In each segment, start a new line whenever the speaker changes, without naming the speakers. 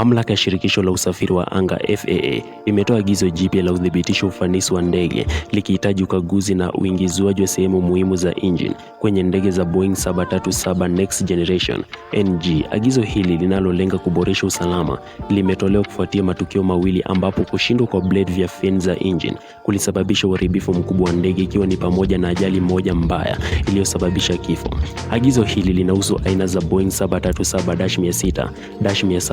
Mamlaka ya shirikisho la usafiri wa anga FAA imetoa agizo jipya la udhibitisho ufanisi wa ndege likihitaji ukaguzi na uingizwaji wa sehemu muhimu za engine kwenye ndege za Boeing 737 Next Generation NG. Agizo hili linalolenga kuboresha usalama limetolewa kufuatia matukio mawili ambapo kushindwa kwa blade vya fin za engine kulisababisha uharibifu mkubwa wa ndege ikiwa ni pamoja na ajali moja mbaya iliyosababisha kifo. Agizo hili linahusu aina za Boeing 737-600,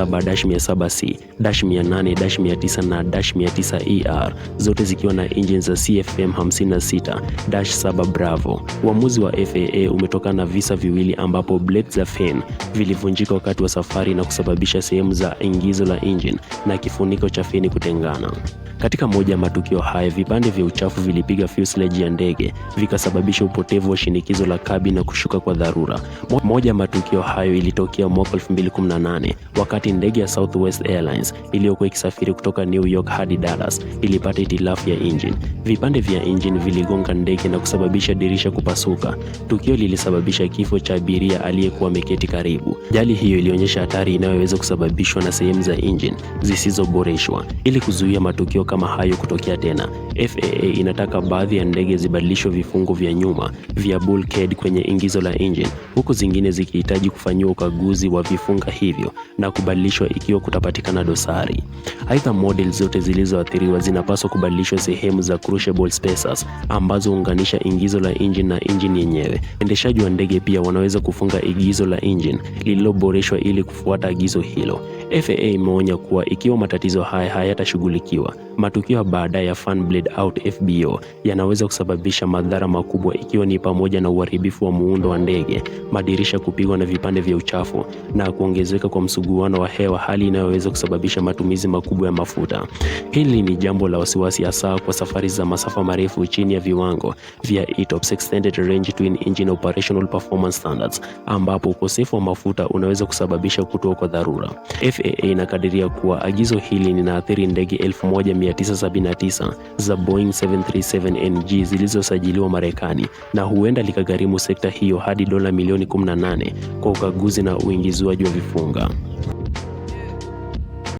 700 707C, dash 800, dash 900 na dash 900ER, zote zikiwa na engine za CFM 56 dash 7 Bravo. Uamuzi wa FAA umetokana na visa viwili ambapo blades za fan vilivunjika wakati wa safari na kusababisha sehemu za ingizo la engine na kifuniko cha feni kutengana. Katika moja ya matukio haya, vipande vya uchafu vilipiga fuselage ya ndege vikasababisha upotevu wa shinikizo la kabi na kushuka kwa dharura. Moja ya matukio hayo ilitokea mwaka 2018 wakati ndege ya Southwest Airlines iliyokuwa ikisafiri kutoka New York hadi Dallas ilipata itilafu ya engine. Vipande vya engine viligonga ndege na kusababisha dirisha kupasuka. Tukio lilisababisha kifo cha abiria aliyekuwa ameketi karibu. Jali hiyo ilionyesha hatari inayoweza kusababishwa na sehemu za engine zisizoboreshwa. Ili kuzuia matukio kama hayo kutokea tena. FAA inataka baadhi ya ndege zibadilishwe vifungo vya nyuma vya bulkhead kwenye ingizo la engine, huku zingine zikihitaji kufanyiwa ukaguzi wa vifunga hivyo na kubadilishwa ikiwa kutapatikana dosari. Aidha, model zote zilizoathiriwa zinapaswa kubadilishwa sehemu za crushable spacers ambazo huunganisha ingizo la engine na engine yenyewe. Waendeshaji wa ndege pia wanaweza kufunga igizo la engine lililoboreshwa ili kufuata agizo hilo. FAA imeonya kuwa ikiwa matatizo haya hayatashughulikiwa Matukio baadaye ya Fan Blade Out FBO yanaweza kusababisha madhara makubwa ikiwa ni pamoja na uharibifu wa muundo wa ndege, madirisha kupigwa na vipande vya uchafu na kuongezeka kwa msuguano wa hewa, hali inayoweza kusababisha matumizi makubwa ya mafuta. Hili ni jambo la wasiwasi, hasa kwa safari za masafa marefu chini ya viwango vya ETOPS Extended Range Twin Engine Operational Performance Standards, ambapo ukosefu wa mafuta unaweza kusababisha kutua kwa dharura. FAA inakadiria kuwa agizo hili linaathiri ndege elfu moja 979 za Boeing 737NG zilizosajiliwa Marekani na huenda likagharimu sekta hiyo hadi dola milioni 18 kwa ukaguzi na uingizwaji wa vifunga.